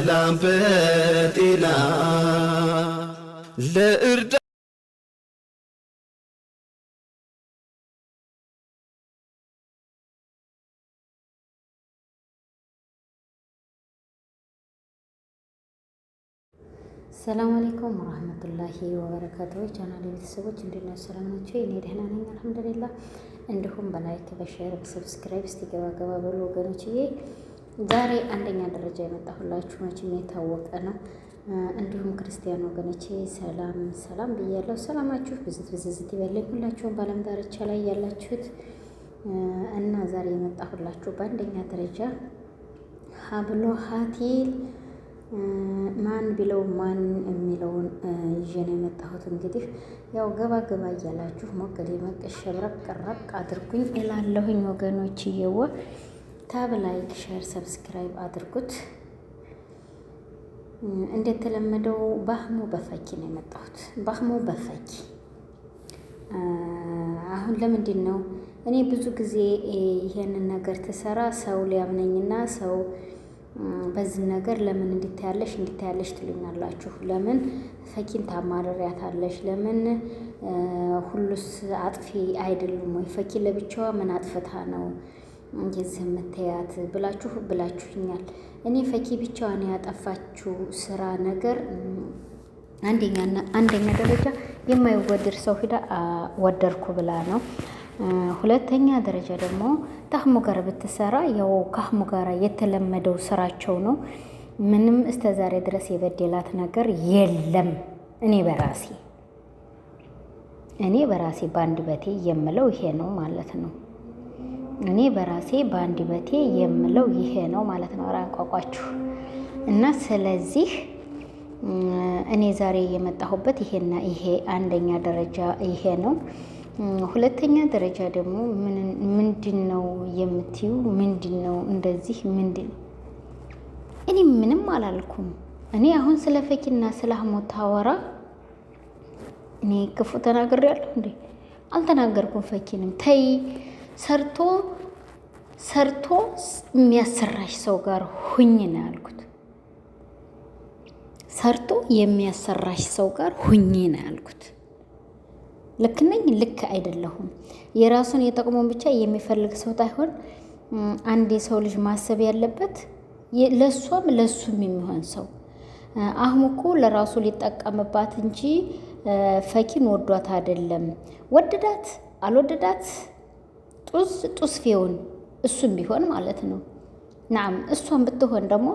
በሰላም በጤና ለእርዳ ሰላም አለይኩም ወራህመቱላሂ ወበረካቱ። ቻናል ቤተሰቦች እንዴት ናችሁ? ሰላም ናችሁ? እኔ ደህና ነኝ አልሐምዱሊላህ። እንዲሁም በላይክ በሼር በሰብስክራይብ እስቲ ገባ ገባ በሉ ወገኖችዬ ዛሬ አንደኛ ደረጃ የመጣሁላችሁ መቼም የታወቀ ነው። እንዲሁም ክርስቲያን ወገኖቼ ሰላም ሰላም ብያለሁ። ሰላማችሁ ብዝት ብዝዝት ይበለኝ ሁላችሁም በዓለም ዳርቻ ላይ ያላችሁት እና ዛሬ የመጣሁላችሁ በአንደኛ ደረጃ ሀ ብሎ ሀቲል ማን ቢለው ማን የሚለውን ይዤ ነው የመጣሁት። እንግዲህ ያው ገባ ገባ እያላችሁ ሞገዴ መቀሸብረቅ ቀረቅ አድርጉኝ እላለሁኝ ወገኖች እየወ ታብ፣ ላይክ፣ ሼር፣ ሰብስክራይብ አድርጉት። እንደተለመደው ባህሙ በፈኪ ነው የመጣሁት። ባህሙ በፈኪ አሁን ለምንድን ነው እኔ ብዙ ጊዜ ይሄንን ነገር ትሰራ ሰው ሊያምነኝና ሰው በዚህ ነገር ለምን እንድታያለሽ እንድታያለሽ ትሉኛላችሁ። ለምን ፈኪን ታማርሪያታለሽ? ለምን ሁሉስ አጥፊ አይደሉም ወይ? ፈኪ ለብቻዋ ምን አጥፍታ ነው እንደዚህ የምታያት ብላችሁ ብላችሁኛል። እኔ ፈኪ ብቻዋን ያጠፋችው ስራ ነገር አንደኛ ደረጃ የማይወደድ ሰው ሂዳ ወደድኩ ብላ ነው። ሁለተኛ ደረጃ ደግሞ ከአህሙ ጋር ብትሰራ ያው ከአህሙ ጋር የተለመደው ስራቸው ነው። ምንም እስከ ዛሬ ድረስ የበደላት ነገር የለም። እኔ በራሴ እኔ በራሴ በአንድ በቴ የምለው ይሄ ነው ማለት ነው። እኔ በራሴ በአንድ በቴ የምለው ይሄ ነው ማለት ነው። ራንቋቋችሁ እና ስለዚህ እኔ ዛሬ የመጣሁበት ይሄና ይሄ አንደኛ ደረጃ ይሄ ነው። ሁለተኛ ደረጃ ደግሞ ምንድን ነው የምትዩ? ምንድን ነው እንደዚህ? ምንድን እኔ ምንም አላልኩም። እኔ አሁን ስለ ፈኪና ስለ አህሞት አወራ እኔ ክፉ ተናግሬያለሁ እንዴ? አልተናገርኩም። ፈኪንም ተይ ሰርቶ ሰርቶ የሚያሰራሽ ሰው ጋር ሁኝ ነው ያልኩት። ሰርቶ የሚያሰራሽ ሰው ጋር ሁኝ ነው ያልኩት። ልክ ነኝ? ልክ አይደለሁም? የራሱን የጠቅሞን ብቻ የሚፈልግ ሰው ታይሆን አንድ የሰው ልጅ ማሰብ ያለበት ለእሷም ለእሱም የሚሆን ሰው። አህሙ እኮ ለራሱ ሊጠቀምባት እንጂ ፈኪን ወዷት አይደለም። ወደዳት አልወደዳት ጡስ ጡስፌውን እሱም ቢሆን ማለት ነው። ናም እሷን ብትሆን ደግሞ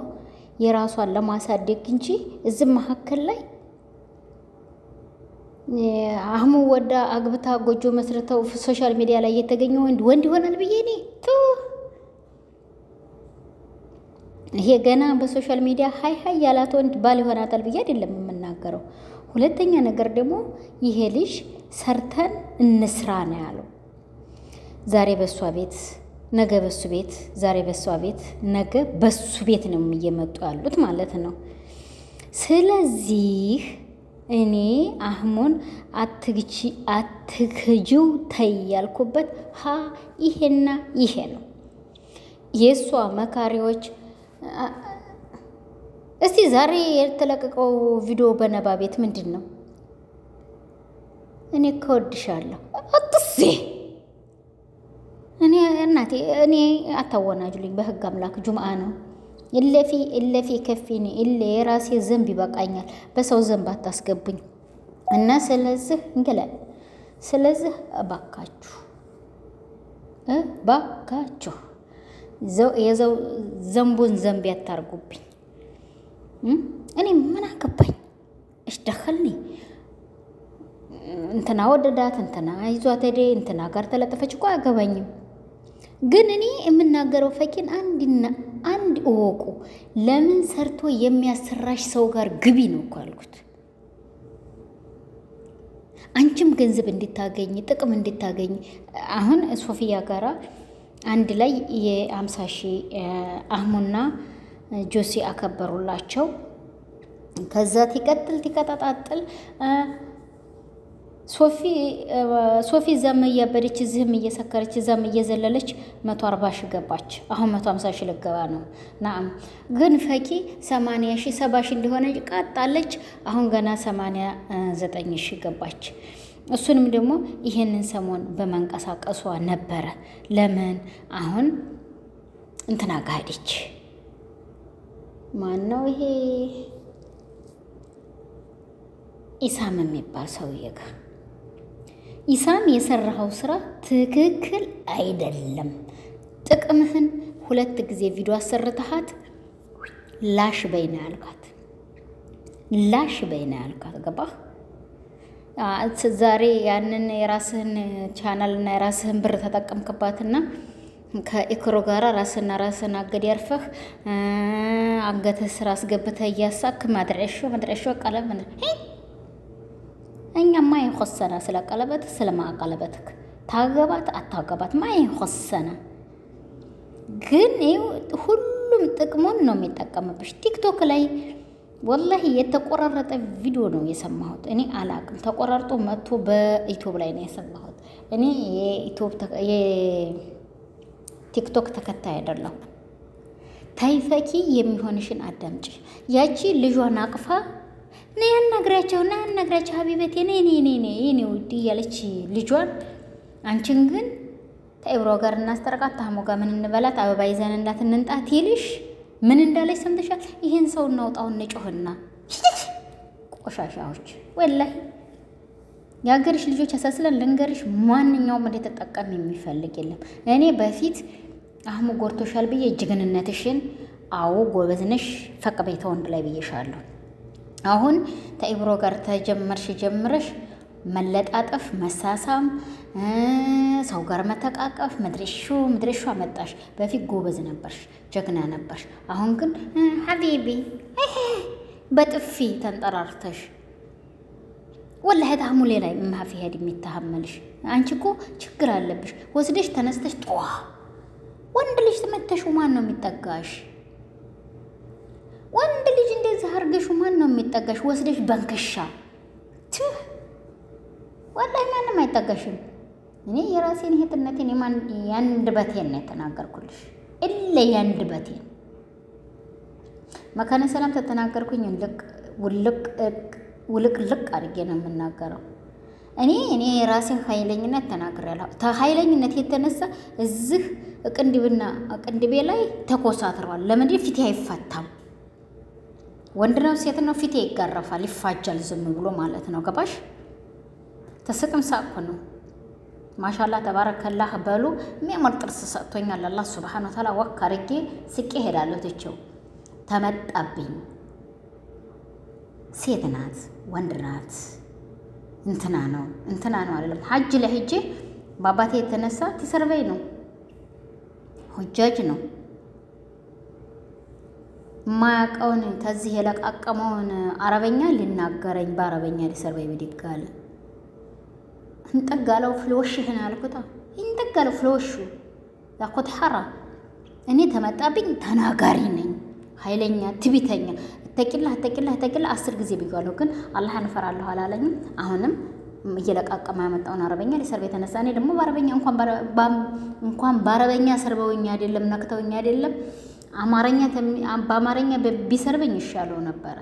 የራሷን ለማሳደግ እንጂ እዚህ መካከል ላይ አህሙ ወዳ አግብታ ጎጆ መስርተው ሶሻል ሚዲያ ላይ የተገኘ ወንድ ወንድ ይሆናል ብዬ እኔ ይሄ ገና በሶሻል ሚዲያ ሀይ ሀይ ያላት ወንድ ባል ይሆናታል ብዬ አይደለም የምናገረው። ሁለተኛ ነገር ደግሞ ይሄ ልጅ ሰርተን እንስራ ነው ያለው። ዛሬ በእሷ ቤት ነገ በሱ ቤት ዛሬ በሷ ቤት ነገ በሱ ቤት ነው እየመጡ ያሉት ማለት ነው። ስለዚህ እኔ አህሙን አትግቺ አትክጂው ተይ ያልኩበት ሀ ይሄና ይሄ ነው። የእሷ መካሪዎች እስቲ ዛሬ የተለቀቀው ቪዲዮ በነባ ቤት ምንድን ነው? እኔ ከወድሻለሁ አትሴ እኔ እናቴ እኔ አታወናጅልኝ፣ በህግ አምላክ ጁምአ ነው። እለፊ እለፊ ከፊኒ እለ የራሴ ዘንብ ይበቃኛል፣ በሰው ዘንብ አታስገቡኝ። እና ስለዚህ እንግላል ስለዚህ እባካችሁ እባካችሁ ዘንቡን ዘንብ ያታርጉብኝ። እኔ ምን አገባኝ እሽደኸልኒ እንትና ወደዳት እንትና ይዟት ሄደ እንትና ጋር ተለጠፈች እኮ አያገባኝም። ግን እኔ የምናገረው ፈኪን አንድና አንድ እወቁ፣ ለምን ሰርቶ የሚያሰራሽ ሰው ጋር ግቢ ነው እኮ አልኩት። አንቺም ገንዘብ እንድታገኝ ጥቅም እንድታገኝ አሁን ሶፊያ ጋራ አንድ ላይ የአምሳ ሺህ አህሙና ጆሲ አከበሩላቸው። ከዛ ትቀጥል ቲቀጣጣጥል ሶፊ ሶፊ እዛም እያበደች እዚህም እየሰከረች እዛም እየዘለለች መቶ አርባ ሺ ገባች። አሁን መቶ ሀምሳ ሺ ልገባ ነው። ናም ግን ፈኪ ሰማንያ ሺ ሰባ ሺ እንደሆነ ቃጣለች። አሁን ገና ሰማንያ ዘጠኝ ሺ ገባች። እሱንም ደግሞ ይሄንን ሰሞን በመንቀሳቀሷ ነበረ። ለምን አሁን እንትና ጋ ማን ነው ይሄ ኢሳም የሚባል ሰውዬ ጋር ኢሳም የሰራኸው ስራ ትክክል አይደለም። ጥቅምህን ሁለት ጊዜ ቪዲዮ አሰርተሃት ላሽ በይና ያልካት ላሽ በይና ያልካት ገባህ? ዛሬ ያንን የራስህን ቻናል እና የራስህን ብር ተጠቀምክባትና ከኢክሮ ጋር ራስና ራስን አገድ ያርፈህ አንገትህ ስራ አስገብተ እያሳክ ማድረሾ ማድረሾ ቀለም እኛማ የኮሰነ ስለ ቀለበትህ ስለማቀለበትክ ታገባት አታገባት ማ የኮሰነ ግን ሁሉም ጥቅሙን ነው የሚጠቀምብሽ። ቲክቶክ ላይ ወላሂ የተቆራረጠ ቪዲዮ ነው የሰማሁት። እኔ አላቅም ተቆራርጦ መጥቶ በኢትዮብ ላይ ነው የሰማሁት። እኔ የቲክቶክ ተከታይ አይደለሁ። ታይፈኪ የሚሆንሽን አዳምጭ ያቺ ልጇን አቅፋ ነይ አናግሪያቸው ና አናግሪያቸው ሀቢበቴ ነ ኔ ኔ ኔ ኔ ውድ እያለች ልጇን አንቺን ግን ተኤብሮ ጋር እናስጠርቃት ታሞ ጋር ምን እንበላት አበባ ይዘን እንዳት እንንጣት ይልሽ ምን እንዳለች ሰምተሻል? ይህን ሰው እናውጣው እንጮህና ቆሻሻዎች ወላሂ የሀገርሽ ልጆች አሳስለን ልንገርሽ ማንኛውም እንደተጠቀም የሚፈልግ የለም። እኔ በፊት አህሙ ጎርቶሻል ብዬ እጅግንነትሽን አዎ ጎበዝነሽ ፈቅ ቤተ ወንድ ላይ ብዬሻለሁ አሁን ተኢብሮ ጋር ተጀመርሽ ጀምረሽ መለጣጠፍ፣ መሳሳም፣ ሰው ጋር መተቃቀፍ መድረሹ መድረሹ አመጣሽ። በፊት ጎበዝ ነበርሽ፣ ጀግና ነበርሽ። አሁን ግን ሀቢቢ በጥፊ ተንጠራርተሽ ወላሂ ታህሙሌ ላይ ማፊ ሄድ የሚታሀመልሽ አንቺ እኮ ችግር አለብሽ። ወስደሽ ተነስተሽ ጠዋ ወንድ ልጅ መተሹ ማን ነው የሚጠጋሽ? ወንድ ልጅ እንደዚህ አርገሹ ማን ነው የሚጠጋሽ? ወስደሽ በንክሻ ት ወላሂ ማንም አይጠጋሽም። እኔ የራሴን እህትነቴን የአንድ በቴን ነው የተናገርኩልሽ። እለ የአንድ በቴን መካነ ሰላም ተተናገርኩኝ ልቅ ውልቅ ውልቅ ልቅ አድርጌ ነው የምናገረው። እኔ እኔ የራሴን ኃይለኝነት ተናግሬያለሁ። ከኃይለኝነት የተነሳ እዚህ እቅንድብና እቅንድቤ ላይ ተኮሳትረዋል። ለምንድን ፊቴ አይፈታም? ወንድ ነው ሴት ነው ፊቴ ይጋረፋል፣ ይፋጃል ዝም ብሎ ማለት ነው። ገባሽ? ተስቅም ሳቅኩ ነው። ማሻላ ተባረከላህ በሉ። የሚያምር ጥርስ ሰጥቶኛል አላህ ሱብሓነሁ ወተዓላ። ወክ አርጌ ስቄ ሄዳለሁ ትቼው ተመጣብኝ። ሴት ናት ወንድ ናት እንትና ነው እንትና ነው አይደለም። ሀጅ ለሂጄ በአባቴ የተነሳ ቲሰርበይ ነው ሁጃጅ ነው ማያውቀውን ከዚህ የለቃቀመውን አረበኛ ሊናገረኝ በአረበኛ ሊሰርበኝ ብድግ አለ። እንጠጋለው ፍሎሽህን አልኩታ እንጠጋለው ፍሎሹ ያኮት ሐራ እኔ ተመጣብኝ ተናጋሪ ነኝ፣ ኃይለኛ ትቢተኛ። እተቂላ እተቂላ እተቂላ አስር ጊዜ ብያለሁ፣ ግን አላህ እንፈራለሁ አላለኝም። አሁንም እየለቃቀመ ያመጣውን አረበኛ ሊሰርብ የተነሳ እኔ ደግሞ በአረበኛ እንኳን በአረበኛ ሰርበውኝ አይደለም ነክተውኝ አይደለም አማርኛ በአማርኛ ቢሰርበኝ ይሻለው ነበረ።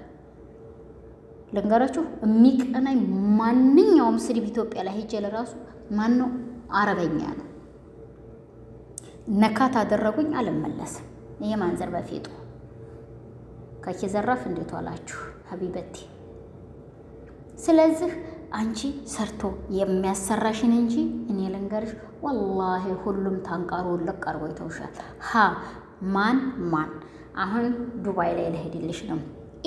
ልንገራችሁ የሚቀናኝ ማንኛውም ስድብ ኢትዮጵያ ላይ ሄጄ ለራሱ ማነው አረበኛ ነው። ነካት አደረጉኝ፣ አልመለስም። ይሄ ማንዘር በፌጡ ከኪ ዘራፍ እንዴት ዋላችሁ ሀቢበቴ። ስለዚህ አንቺ ሰርቶ የሚያሰራሽን እንጂ እኔ ልንገርሽ፣ ወላሂ ሁሉም ታንቃሩ ልቅ አርጎ ይተውሻል። ሀ ማን ማን አሁን ዱባይ ላይ ለሄድልሽ ነው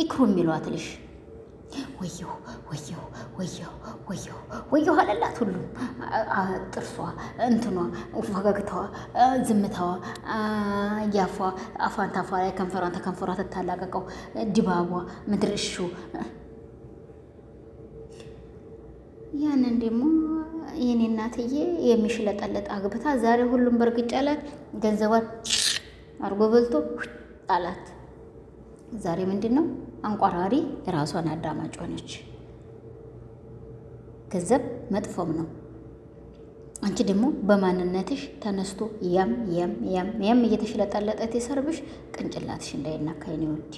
ኢክሩ የሚሏት ልሽ ወየሁ ወየሁ ወየሁ ወየሁ ወየሁ አለላት። ሁሉም ጥርሷ፣ እንትኗ፣ ፈገግታዋ፣ ዝምታዋ፣ ያፏ አፏን ታፏ ላይ ከንፈሯን ተከንፈሯ ትታላቀቀው ድባቧ ምድርሹ ያንን ደግሞ የኔ እናትዬ የሚሽለጠለጥ አግብታ ዛሬ ሁሉም በእርግጫ ላይ ገንዘቧን አርጎ በልቶ ጣላት። ዛሬ ምንድን ነው አንቋራሪ የራሷን አዳማጭ ሆነች። ገንዘብ መጥፎም ነው። አንቺ ደግሞ በማንነትሽ ተነስቶ ያም ያም ያም ያም እየተሽለጠለጠት የሰርብሽ ቅንጭላትሽ እንዳይናካኝ ነው እንጂ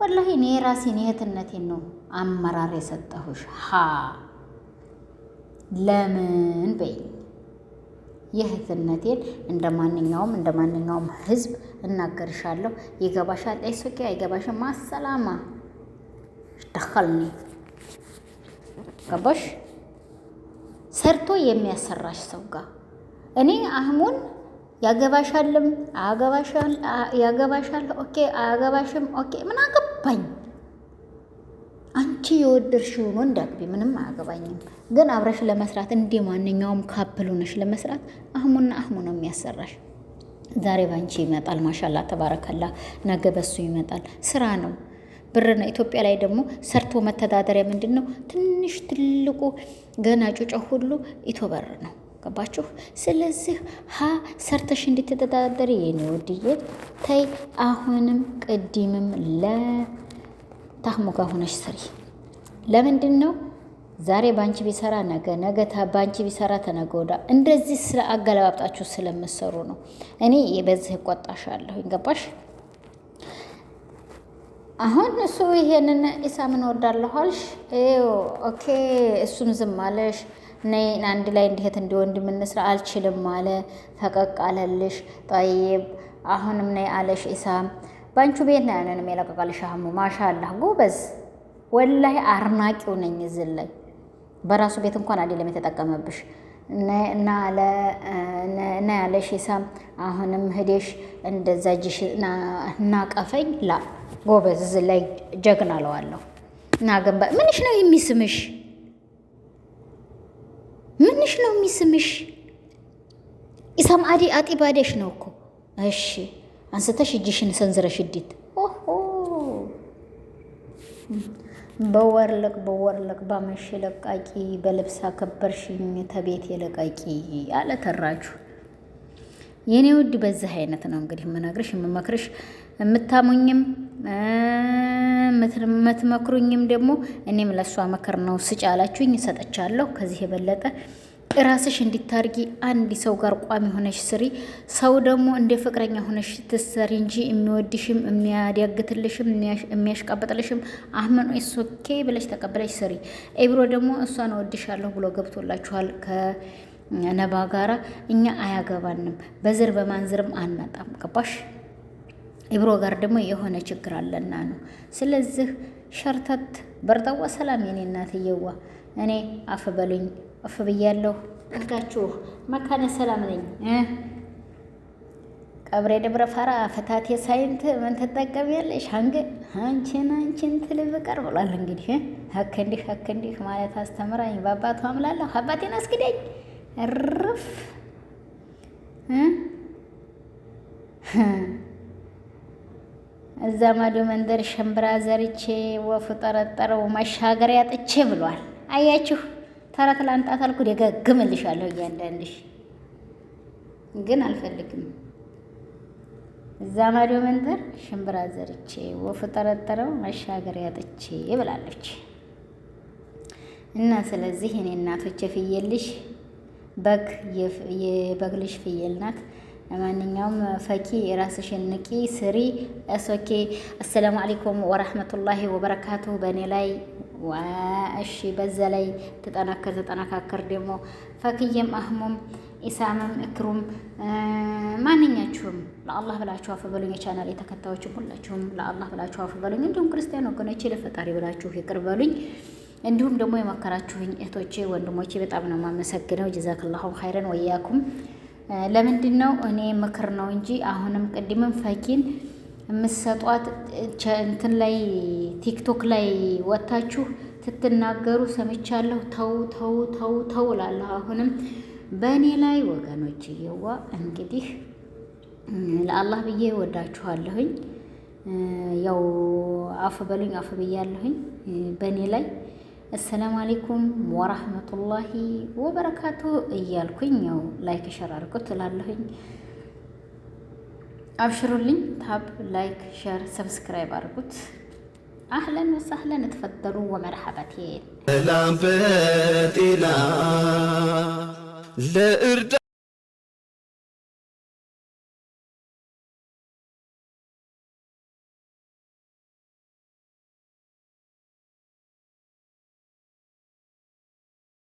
ወላሂ እኔ የራሴን የእህትነቴን ነው አመራር የሰጠሁሽ። ሀ ለምን በይ የህትነቴን እንደ ማንኛውም እንደ ማንኛውም ህዝብ እናገርሻለሁ። ይገባሻል? ጠይሶኪ አይገባሽም? ማሰላማ ደኸልኒ ገባሽ? ሰርቶ የሚያሰራሽ ሰው ጋር እኔ አህሙን ያገባሻልም ያገባሻል፣ ኦኬ፣ አያገባሽም፣ ኦኬ፣ ምን አገባኝ አንቺ የወደድሽውን ወንድ አግቢ፣ ምንም አያገባኝም። ግን አብረሽ ለመስራት እንደ ማንኛውም ካፕል ሆነሽ ለመስራት አህሙና አህሙ ነው የሚያሰራሽ። ዛሬ ባንቺ ይመጣል፣ ማሻላ ተባረከላ፣ ነገ በሱ ይመጣል። ስራ ነው ብር ነው። ኢትዮጵያ ላይ ደግሞ ሰርቶ መተዳደሪያ ምንድን ነው? ትንሽ ትልቁ ገና ጩጨው ሁሉ ኢቶበር ነው። ገባችሁ? ስለዚህ ሀ ሰርተሽ እንድትተዳደሪ የኔ ወድዬ ተይ። አሁንም ቅድምም ለ ታህሙ ጋር ሆነሽ ስሪ። ለምንድን ነው ዛሬ ባንቺ ቢሰራ ነገ፣ ነገ ባንቺ ቢሰራ ተነገ ወዲያ እንደዚህ ስለ አገለባብጣችሁ ስለምሰሩ ነው። እኔ በዚህ እቆጣሻለሁ። ገባሽ? አሁን እሱ ይሄንን ኢሳምን ወዳለሁ አልሽ። ኦኬ፣ እሱም ዝም አለሽ። ነይ አንድ ላይ እንዴት እንዲወንድ ምንስራ አልችልም አለ። ፈቀቅ አለልሽ። ጠይብ፣ አሁንም ነይ አለሽ ኢሳም ባንቹ ቤት ነው ያንን የሚለቀቃል። አህሙ ማሻአላህ ጎበዝ። ወላሂ አርናቂው ነኝ እዚህ ላይ በራሱ ቤት እንኳን አይደለም የተጠቀመብሽ እና ያለሽ ሂሳም አሁንም ህዴሽ እንደዛ ጅሽ እናቀፈኝ ላ ጎበዝ እዚህ ላይ ጀግና አለዋለሁ። እና ገንበ ምንሽ ነው የሚስምሽ? ምንሽ ነው የሚስምሽ? ኢሳም አዲ አጢባዴሽ ነው እኮ እሺ አንስተሽ እጅሽን ሰንዝረሽ እዲት በወርለቅ በወርለቅ ባመሽ ለቃቂ በልብስ አከበርሽኝ ተቤት የለቃቂ አለ ተራጁ። የኔ ውድ በዚህ አይነት ነው እንግዲህ የምነግርሽ የምመክርሽ የምታሙኝም የምትመክሩኝም ደግሞ እኔም ለእሷ መከር ነው ስጫላችሁኝ ሰጠቻለሁ ከዚህ የበለጠ ራስሽ እንዲታርጊ አንድ ሰው ጋር ቋሚ ሆነሽ ስሪ። ሰው ደግሞ እንደ ፍቅረኛ ሆነሽ ትሰሪ እንጂ የሚወድሽም የሚያዳግትልሽም የሚያሽቃበጥልሽም አህመን ሶኬ ብለሽ ተቀበለሽ ስሪ። ኤብሮ ደግሞ እሷን እወድሻለሁ ብሎ ገብቶላችኋል ከነባ ጋራ። እኛ አያገባንም፣ በዝር በማንዝርም አናጣም። ገባሽ? ኤብሮ ጋር ደግሞ የሆነ ችግር አለና ነው። ስለዚህ ሸርተት በርጠዋ። ሰላም የኔ እናትየዋ፣ እኔ አፈበሉኝ እፍ ብያለሁ። እህታችሁ መካነ ሰላም ነኝ። ቀብሬ ደብረ ፈራ ፈታቴ ሳይንት ምን ትጠቀሚያለሽ? አንገ አንቺን አንቺን ትልብ ቀር ብሏል። እንግዲህ ሀክ እንዲህ ሀክ እንዲህ ማለት አስተምራኝ በአባቱ አምላለሁ አባቴን አስግዳኝ እርፍ እዛ ማዶ መንደር ሸምብራ ዘርቼ ወፉ ጠረጠረው መሻገሪያ ጥቼ ብሏል። አያችሁ ተረት ላምጣት አልኩ ደጋግምልሻለሁ። እያንዳንድሽ ግን አልፈልግም። እዛ ማዶ መንደር ሽምብራ ዘርቼ ወፍ ጠረጠረው መሻገር አጥቼ ብላለች። እና ስለዚህ እኔ እናቶች የፍየልሽ በግ የበግልሽ ፍየል ናት። ለማንኛውም ፈኪ የራስሽን ንቂ ስሪ። እሶኬ አሰላሙ አለይኩም ወራህመቱላሂ ወበረካቱሁ በእኔ ላይ እሺ በዛ ላይ ተጠናከር ተጠናካከር ደግሞ ፈክየም አህሙም ኢሳምም እክሩም ማንኛችሁም ለአላህ ብላችሁ አፍ በሉኝ። የቻናል የተከታዮችም ሁላችሁም ለአላህ ብላችሁ አፍ በሉኝ። እንዲሁም ክርስቲያን ወገኖቼ ለፈጣሪ ብላችሁ ይቅር በሉኝ። እንዲሁም ደግሞ የመከራችሁኝ እህቶቼ ወንድሞቼ በጣም ነው የማመሰግነው። ጀዛክላሁ ኸይረን ወያኩም። ለምንድን ነው እኔ ምክር ነው እንጂ አሁንም ቅድምም ፈኪን የምትሰጧት እንትን ላይ ቲክቶክ ላይ ወጥታችሁ ትትናገሩ ሰምቻለሁ። ተው ተው ተው ተው እላለሁ። አሁንም በእኔ ላይ ወገኖች እየዋ እንግዲህ ለአላህ ብዬ ወዳችኋለሁኝ። ያው አፍ በሉኝ፣ አፍ ብያለሁኝ በእኔ ላይ አሰላሙ አሌይኩም ወራህመቱላሂ ወበረካቱ እያልኩኝ ያው ላይክ ሸር አድርጉት እላለሁኝ። አብሽሩልኝ። ታብ ላይክ፣ ሸር፣ ሰብስክራይብ አድርጉት። አህለን ወሳህለን እትፈደሉ ወመርሐበቴ ላምበጤና ለእርዳ